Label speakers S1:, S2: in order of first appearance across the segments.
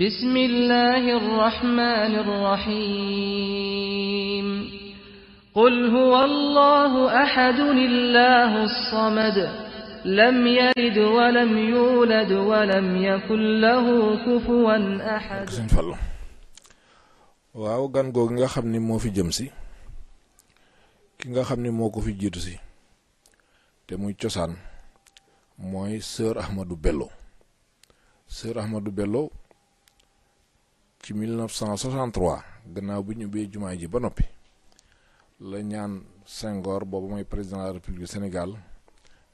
S1: بسم الله الرحمن الرحيم قل هو الله أحد الله الصمد
S2: لم يلد ولم يولد ولم يكن له كفوا أحد waaw gan googu nga xam ni moo fi jëm si ki nga xam ni moo ko fi jiitu si te muy cosaan mooy sër Ahmadou Bello sër Ahmadou Bello ci 1963 gannaaw bu ñu ubbee jumaa ji ba noppi la ñaan Senghor boobu mooy président de la république Sénégal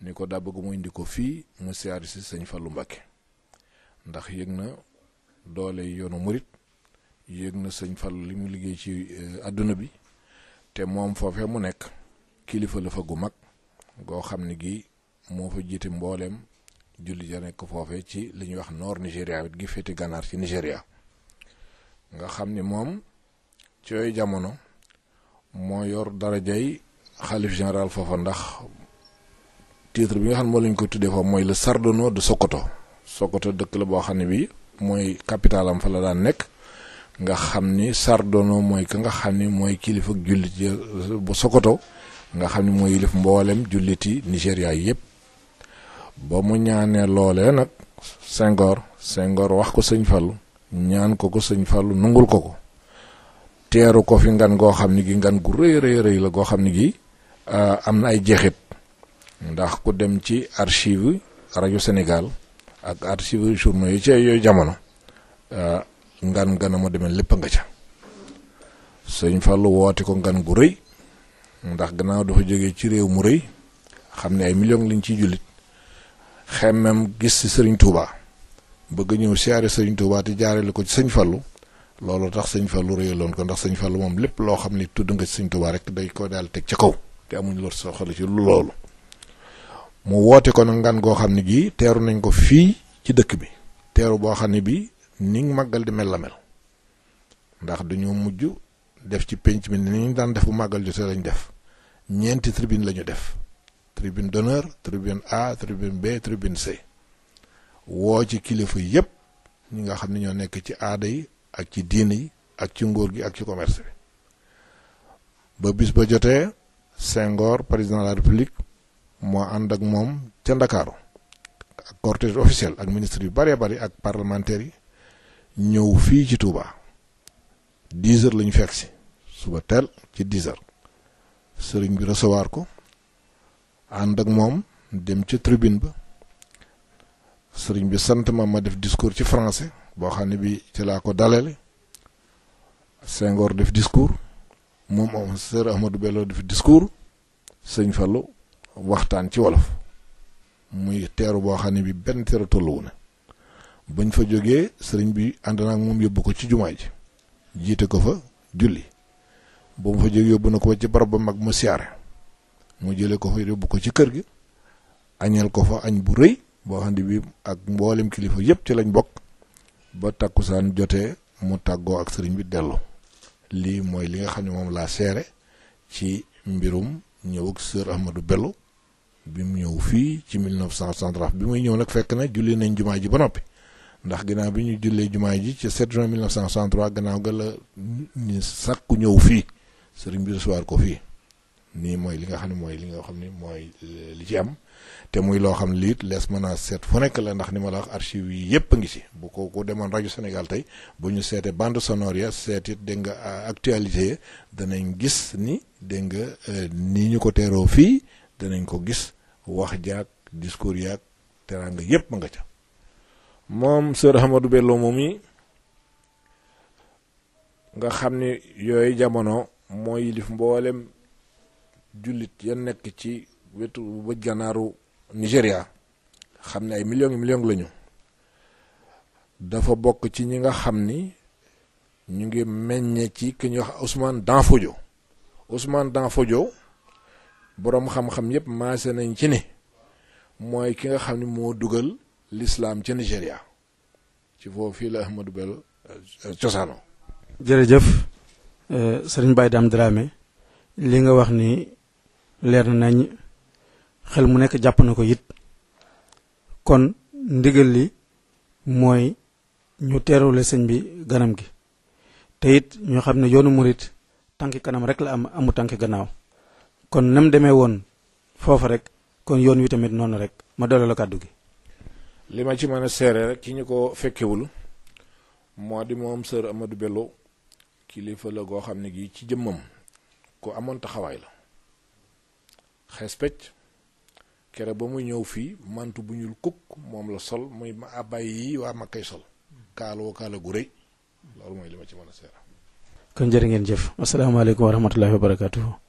S2: ni ko daa bëgg mu indi ko fii mu siyaari si sëñ Fallou Mbacké ndax yëg na doole yoonu murit yëg na sëñ Fallou li mu liggéey ci àdduna euh, bi te moom foofee mu nekk kilifa la fa gu mag goo xam ne gi moo fa jiite mbooleem julli ja nekk foofee ci li ñuy wax nord Nigéria gi féete gànnaar ci Nigéria nga xam ni moom ci yooyu jamono moo yor darajay xalif général foofa ndax titre bi nga xam ne moo lañ koy tuddee foofu mooy le Sardono du Sokoto Sokoto dëkk la boo xam ne bi mooy capital am fa la daan nekk nga xam ni Sardono mooy ka nga xam ni mooy kilifa jullit bu Sokoto nga xam ni mooy yilif mboolem julliti Nigéria yëpp ba mu ñaanee loolee nag Senghor Senghor wax ko sëñ Fallu ñaan ko ko sëñ Fallou nungul ko ko teeru ko fi ngan goo xam ne gi ngan gu rëy rëy la goo xam ne gi ah, am na ay jeexit ndax ku dem ci archive rajo Sénégal ak archive journaux yi ci yooyu jamono ah, ngan ngana ma demee lépp nga ca sëñ Fallou woote ko ngan gu rëy ndax gannaaw dafa jógee ci réew mu rëy xam ne ay millions lañ ciy jullit xemmem gis ci sëriñ tuuba bëgg ñëw siyaare sëñ Touba te jaarale ko ci sëñ Fallou loolu tax sëñ Fallou réyaloon ko ndax sëñ Fallou moom lépp loo xam ni tudd nga ci sëñ Touba rek day ko daal teg ca kaw te amuñ lor soxla ci loolu mu woote ko nag ngan goo xam ne gii teeru nañ ko fii ci dëkk bi teeru boo xam ne bii ni ngi màggal di mel la mel ndax dañoo mujj def ci penc mi ni ñu daan def bu màggal jotee lañ def ñeenti tribune la ñu def tribune d'honneur tribune A tribune B tribune C woo ci kilifa yépp ñi nga xam ne ñoo nekk ci aada yi ak ci diin yi ak ci nguur gi ak ci commerce bi ba bis ba jotee Senghor président de la république moo ànd ak moom ca Ndakaaru ak cortège officiel ak ministre yu bëree bëri ak parlementaires yi ñëw fii ci Touba dix heures la ñu si suba teel ci dix heures sëriñ bi recevoir ko ànd ak moom dem ca tribune ba sëriñ bi sant ma ma def discours ci français boo xam ne bi ci laa ko dalale Senghor def discours moom am sër Ahmadou Bello def discours sëñ Fallou waxtaan ci wolof muy teeru boo xam ne bi benn teeru tolluwu na bañ fa jógee sëriñ bi ànd naa moom yóbbu ko ci jumaa ji jiite ko fa julli ba mu fa jógee yóbbu na ko ci barab ba mag mu siyaare mu jëlee ko fa yóbbu ko ci kër gi añeel ko fa añ bu rëy boo xam ne bi ak mboolem kilifa yëpp ci lañ bokk ba takkusaan jotee mu tàggoo ak sëriñ bi dellu lii mooy li nga xam ne moom laa seere ci mbirum ñëw ak sër Ahmadou Bello bi mu ñëw fii ci 1963 bi muy ñëw nag fekk na julli nañ jumaa ji ba noppi ndax ginnaaw bi ñu jullee jumaa ji ci 7 juin 1963 gannaaw ga la ñu sàkku ñëw fii sëriñ bi recevoir ko fii nii mooy li nga xam ne mooy li nga xam ne mooy euh, li ci am te muy loo xam ne liit lees mën a seet fu nekk la ndax ni ma la wax archive yi yëpp ngi ci bu ko ku demoon rajo Sénégal tey bu ñu seetee bande sonore ya seet it dégg nga actualité danañ gis ni dégg nga euh, nii ñu ko teeroo fii danañ ko gis wax jaag discours yaag teraanga yëpp nga ca moom Sër Ahmadou Bello moom yi nga xam ni yooyu jamono mooy yilif mboolem jullit ya nekk ci wetu bëj gànnaaru Nigéria xam ne ay million million lañu dafa bokk ci ñi nga xam ni ñu ngi meññe ci ki ñuy wax Ousmane Danfodio Ousmane Danfodio boroom xam-xam yépp maase nañ ci ni mooy ki nga xam ni moo dugal lislaam ca Nigéria ci foofu fii la Ahmadou Bello euh, cosaano
S1: jërëjëf euh, sëriñ Baye Dame Dramé li nga wax ni leer nañ xel mu nekk jàpp na ko it kon ndigal li mooy ñu teerule sëñ bi ganam gi te it ñu xam ne yoonu murit tànki kanam rek la am amu tànki gannaaw kon nam demee woon foofa rek kon yoon wi tamit noonu rek ma doole la kàddu gi
S2: li ma ci mën a seere rek ci ñu ko fekkewul moo di moom sër Amadou Bello kilifa la goo xam ne gi ci jëmmam ku amoon taxawaay la xees pecc kere ba muy ñëw fii mant bu ñuul kukk moom la sol muy abay yi waa ma koy sol kaaloo kaala gu rëy loolu mooy li ma ci mën a seera
S1: kon jërë ngeen jëf asalaamaaleykum wa rahmatullahi wa